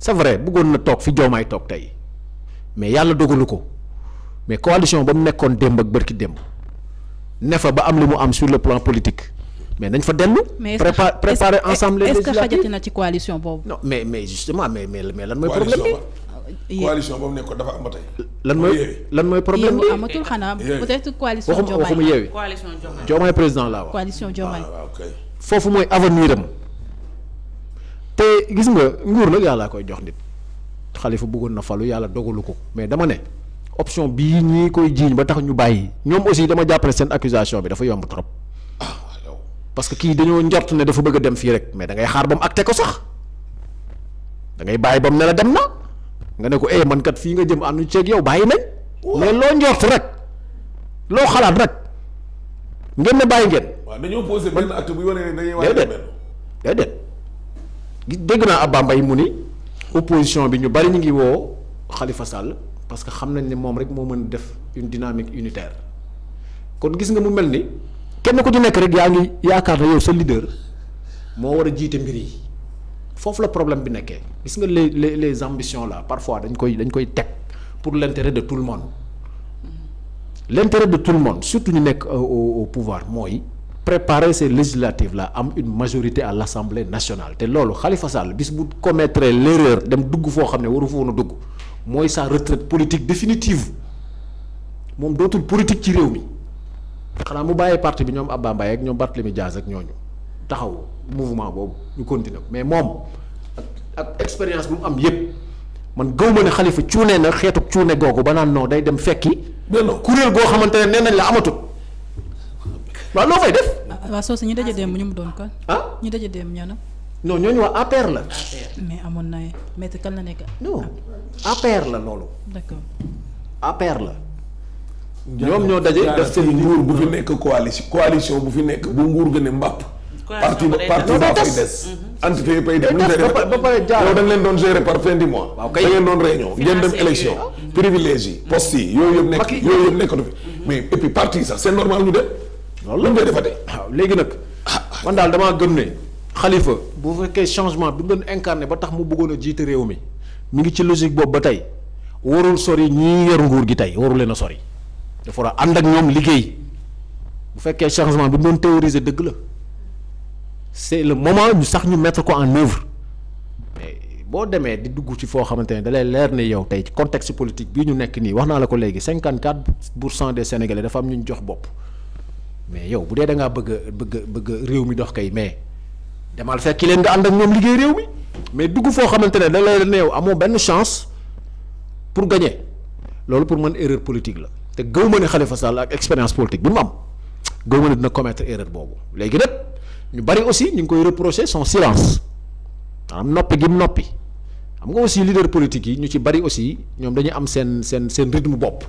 c'est vrai bëggoon na toog fi joomaay toog tey mais yàlla dogalu ko mais coalition ba mu nekkoon démb ak bërki démb ne fa ba am li mu am sur le plan politique mais nañ fa dellu. prépa préparer ensemble les législatives est-ce que xajati na ci coalition boobu. non mais mais justement mais mais mais lan mooy problème bi. coalition boobu nekkoon am ba tey. lan mooy lan mooy problème bi amatul xanaa peut-être coalition. Diomaye waxuma waxuma coalition Diomaye président laa wax. coalition ah, foofu mooy avenir am. te gis nga nguur nag yàllaa koy jox nit xalifa bëggoon na falu yàlla dogalu ko mais dama ne option bii ñii koy jiiñ ba tax ñu bàyyi ñoom aussi dama jàppale seen accusation bi dafa yomb trop parce que kii dañoo njort ne dafa bëgg a dem fii rek mais dangay xaar ba mu acté ko sax da ngay bàyyi ba mu ne la dem na nga ne ko eh man kat fii nga jëm ànd ceeg yow bàyyi nañ. mais loo njort rek loo xalaat rek ngeen ne bàyyi ngeen. waaw dañoo posé benn acte bu yore ne dégg naa Abba Mbaye mu ni opposition bi ñu bari ñu ngi woo xalifa Sall parce que xam nañ ne moom rek moo mën def une dynamique unitaire kon gis nga mu mel ni kenn ku ci nekk rek yaa ngi yaakaar na yow sa leader moo war a jiite mbir yi foofu la problème bi nekkee gis nga les les les ambitions là parfois dañ koy dañ koy teg pour l'intérêt de tout le monde lentere de tout le monde surtout ñu nekk au au pouvoir mooy. préparer ces législatives la am une majorité à l'Assemblée nationale te loolu xalifa Sall bis bu commettre l'erreur dem dugg foo xam ne waru fa woon a dugg mooy sa retraite politique définitive moom dootul politique ci réew mi xanaa mu bàyyee parti bi ñoom Abba Mbaye ak ñoom Barthélémy Dias ak ñooñu taxaw mouvement boobu ñu continuer ko mais moom ak ak expérience bu mu am yépp man gëw ma ne Khalifa cuune na xeetu cuune googu ba naan non day dem fekki. kuréel goo xamante ne nee nañ la amatut. waaw loo fay def. waaw soo ñu daje dem ñu mu doon kon. ah ñu daje dem ñana non ñooñu wax APR la. Ah, mais amoon na maître kan na nekk. non APR la loolu. d'accord APR la. ñoom ñoo daje def seen nguur bu fi nekk coalition bu fi nekk bu nguur gën a mbàpp. parti ba parti ba fay des. Mm-hmm. leen doon gérer par fin du mois. waaw kay da ngeen doon réunion ngeen dem élection. privilège yi poste yi yooyu yëpp nekk yooyu yëpp nekkatu fi. Mm-hmm. mais et puis parti sax c'est normal ñu dem. loolu la ñu koy defatee. waaw léegi nag man daal damaa gën ne xalifa bu fekkee changement bi mu doon incarné ba tax mu bëggoon a jiite réew mi mu ngi ci logique boobu ba tey warul sori ñii yor nguur gi tey warul leen a sori dafa ñoom liggéey bu fekkee changement bi mu doon dëgg la c'est le moment ñu sax ñu mettre ko en œuvre boo demee di dugg ci foo xamante ne leer ne yow tey ci contexte politique bii ñu nekk nii naa la ko léegi cinquante quatre pour cent des sénégalais dafa am ñu jox bopp. mais yow bu dee dangaa ngaa bëgg a bëgg bëgg réew mi dox kay mais demal fekk leen nga ànd ak ñoom liggéey réew mi mais dugg foo xamante ne la la neew amoo benn chance pour gagner loolu pour mën erreur politique la te gëw ma ne Khalifa Sall ak expérience politique bi mu am gëw ma ne dina commettre erreur boobu léegi nag ñu bari aussi ñu ngi koy reprocher son silence maanaam noppi gi mu noppi xam nga aussi leader politique yi ñu ci bari aussi ñoom dañu am seen seen seen rythme bopp.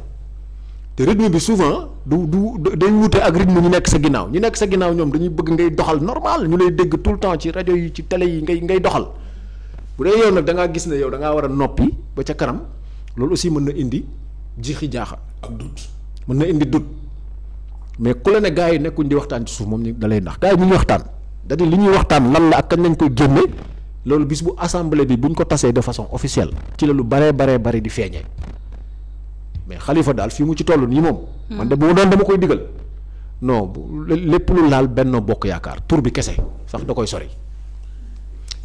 te rythme bi souvent du du day wute ak rythme ñu nekk sa ginnaaw ñu nekk sa ginnaaw ñoom dañuy bëgg ngay doxal normal ñu lay dégg tout le temps ci rajo yi ci télé yi ngay ngay doxal bu dee yow nag da gis ne yow da war a noppi ba ca kanam loolu aussi mën na indi jiixi jaaxa ak dut mën na indi dut mais ku la ne gars yi nekkuñ di waxtaan ci suuf moom ñu da lay nax gars yi ñu waxtaan cest à li ñuy waxtaan lan la ak kañ lañ koy génne loolu bis bu assemblée bi buñ ko tasee de façon officielle ci la lu baree baree bari di feeñee. mais xalifa daal fii mu ci toll nii moom. man de bu ma doon dama koy digal. non lépp lu laal benn bokk yaakaar tur bi kese sax da koy sori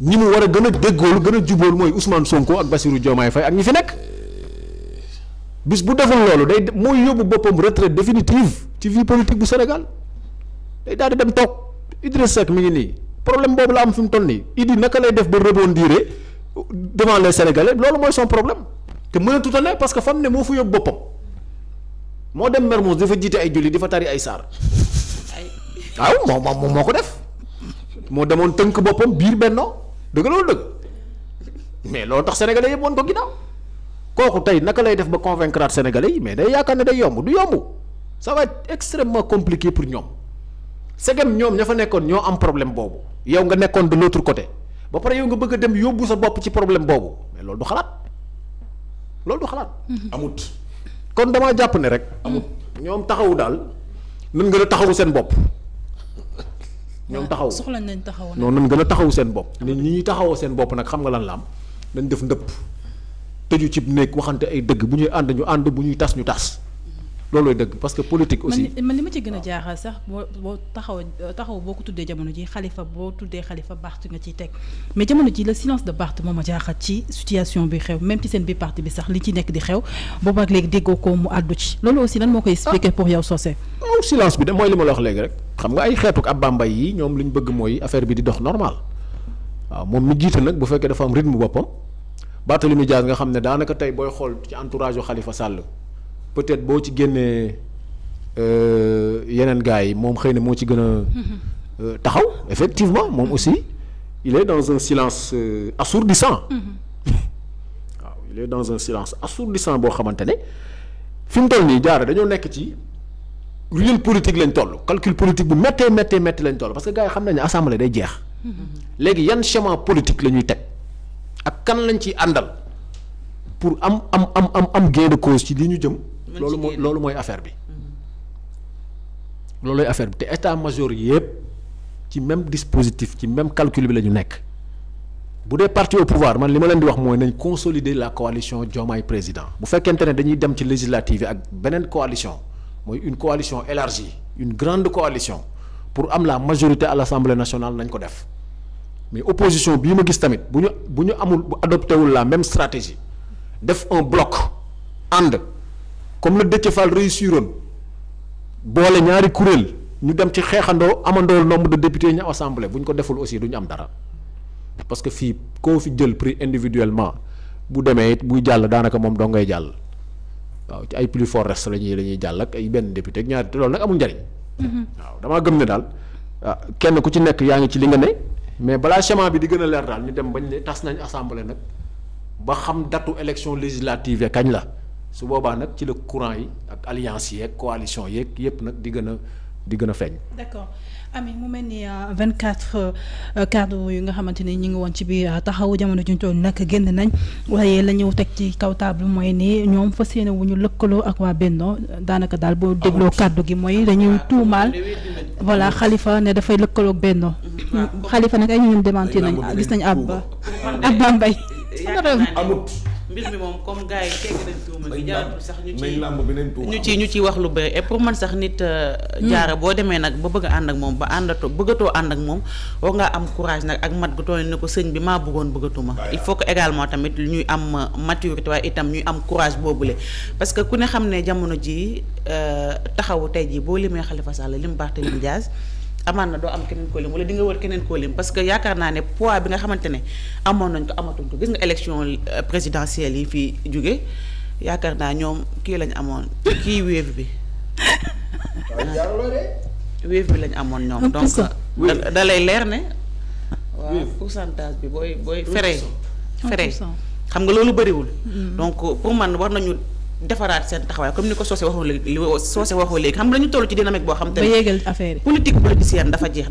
ñi mu war a gën a déggool gën a jubóol mooy Ousmane Sonko ak Bassirou Diomaye Faye ak ñi fi nekk bis bu deful loolu day def mooy yóbbu boppam retraite définitive ci vie politique bu Sénégal day daal di dem toog Idriss Seck mi ngi nii problème boobu la am fi mu toll nii Idi naka lay def ba rebondir devant les Sénégalais loolu mooy son problème. te mënatut a ne parce que fam ne moo fa yóbbu boppam moo dem Mermoz dafa jiite ay julli dafa tari ay saar waaw ah, moom moom moo ko def moo demoon tënk boppam biir bennoo dëgg loolu dëgg mais loolu tax sénégalais yëpp woon ko ginnaaw kooku tey naka lay def ba convaincre sénégalais yi mais day yaakaar ne day yomb du yomb ça va être extrêmement compliqué pour ñoom segem ñoom ña fa nekkoon ñoo am problème boobu yow nga nekkoon de l'autre côté ba pare yow nga bëgg a dem yóbbu sa bopp ci problème boobu mais loolu du xalaat. loolu du xalaat. Mhm. amut. kon damaa jàpp ne rek. amut ñoom taxawu daal nan gën a taxawu seen bopp. ñoom ah, taxaw soxla nañ taxaw non nan gën a seen bopp. nit ñi taxawoo seen bopp nag xam nga lan la am dañ def ndëpp tëju cib néeg waxante ay dëgg bu ñuy ànd ñu ànd bu ñuy tas ñu tas. loolooy dëgg parce que politique aussi man li ma ci gën a jaaxal sax boo boo taxaw taxaw boo ko tuddee jamono ji xalifa boo tuddee xalifa Barth nga ciy teg mais jamono ji le silence de Barth moom a jaaxal ci situation bi xew même ci seen bi parti bi sax li ci nekk di xew boobaak léegi déggoo ko mu àddu ci loolu aussi lan moo koy expliquer pour yow Socé ah, waaw silence bi de mooy li ma la léegi rek xam nga ay xeetuk ab bambay yi ñoom li ñu bëgg mooy affaire bi di dox normal waaw moom mi nag bu fekkee dafa am rythme boppam Barthélémy Dias nga xam ne tey booy xool ci entourage u Xalifa Sall peut-être boo ci génnee euh, yeneen gars yi moom xëy na moo ci gën a euh, taxaw effectivement moom aussi il est dans un silence euh, assourdissant mm-hmm. waaw il est dans un silence assourdissant boo xamante ne fi mu toll nii jaare dañoo nekk ci ruelle politique lañ toll calcul politique bu méttee méttee métti lañ toll parce que gars yi xam nañ ne assemblée day jeex mm-hmm. léegi yan chemin politique la ñuy teg ak kan lañ ci àndal pour am am am am am gain de cause ci li ñu jëm loolu mooy loolu mooy affaire bi loolu affaire bi te état major yëpp ci même dispositif ci même calcul bi la ñu nekk bu dee parti au pouvoir man li ma leen di wax mooy nañ consolider la coalition Diomaye président bu fekkente ne dañuy dem ci législative yi ak beneen coalition mooy une coalition élargie une grande coalition pour am la majorité à l'Assemblée nationale nañ ko def mais opposition bii ma gis tamit bu ñu bu ñu amul bu adopté wul la même stratégie def un bloc ànd comme la Déthié Fall réussiroon boole ñaari kuréel ñu dem ci xeexandoo amandoo nombre de députés ñu assemblée bu ñu ko deful aussi du ñu am dara parce que fii koo fi jël prix individuellement bu demee it buy jàll daanaka moom doo ngay jàll waaw ci ay plus for reste la ñuy la ñuy jàll ak ay benn député ak ñaari te loolu nag amul njariñ mhm. waaw damaa gëm ne daal ah, kenn ku ci nekk yaa ngi ci li nga ne mais balaa chemin bi di gën a leer daal ñu dem bañ ne tas nañ assemblée nag ba xam datu élection législative ya kañ la. su boobaa nag ci la courant yi ak alliance yeeg coalition yeeg yépp nag di gën di gën a feeñ. d'accord Ami mu mel ni euh, vingt 24 euh, cadres yu nga xamante ni ñu ngi woon ci biir euh, taxawu jamono juñ toll nag génn nañ waaye la ñu teg ci kaw table mooy nii ñoom fas yéene ñu lëkkaloo ak waa Benno daanaka daal boo dégloo kàddu gi mooy dañuy ah, tuumaal voilà xalifa ne dafay lëkkaloo bennoo xalifa mm-hmm. Khalifa nag ay ñoom démentir nañ ah, gis nañu ab ab Bambey amut mbir mi moom comme gars yi tegg nañ tuuma gi jaaratul sax ñu ci ñu ci ciy wax lu bëri et pour man sax nit euh, hmm. jaara boo demee nag ba bëgg ànd ak moom ba àndatoo bëggatoo ànd ak moom war nga am courage nag ak mat gu toll ne ko sëñ bi maa bëggoon bëggatuma il faut que également tamit ñuy am euh, maturité waaye itam ñuy am courage boobule parce que ku ne xam ne jamono ji euh, taxawu tey ji boo limee Khalifa Sall lim Barthélémy Dias amaan na doo am keneen koo lim wala di nga wër keneen koo lim que yaakaar naa ne poids bi nga xamante ne amoon nañ ko amatuñ ko gis nga élection euh, présidentielle yi fii jóge yaakaar naa ñoom kii lañ amoon kii wéef bi wéef bi lañ amoon ñoom donc euh, da leer ne waaw pourcentage bi booy booy fere fere xam nga loolu bëriwul mm-hmm. donc pour man war nañu defaraat seen taxawaay comme ni ko Socé waxoo léegi li Socé waxoo léegi xam nga dañu toll ci dynamique boo xam te ne politique politicienne dafa jeex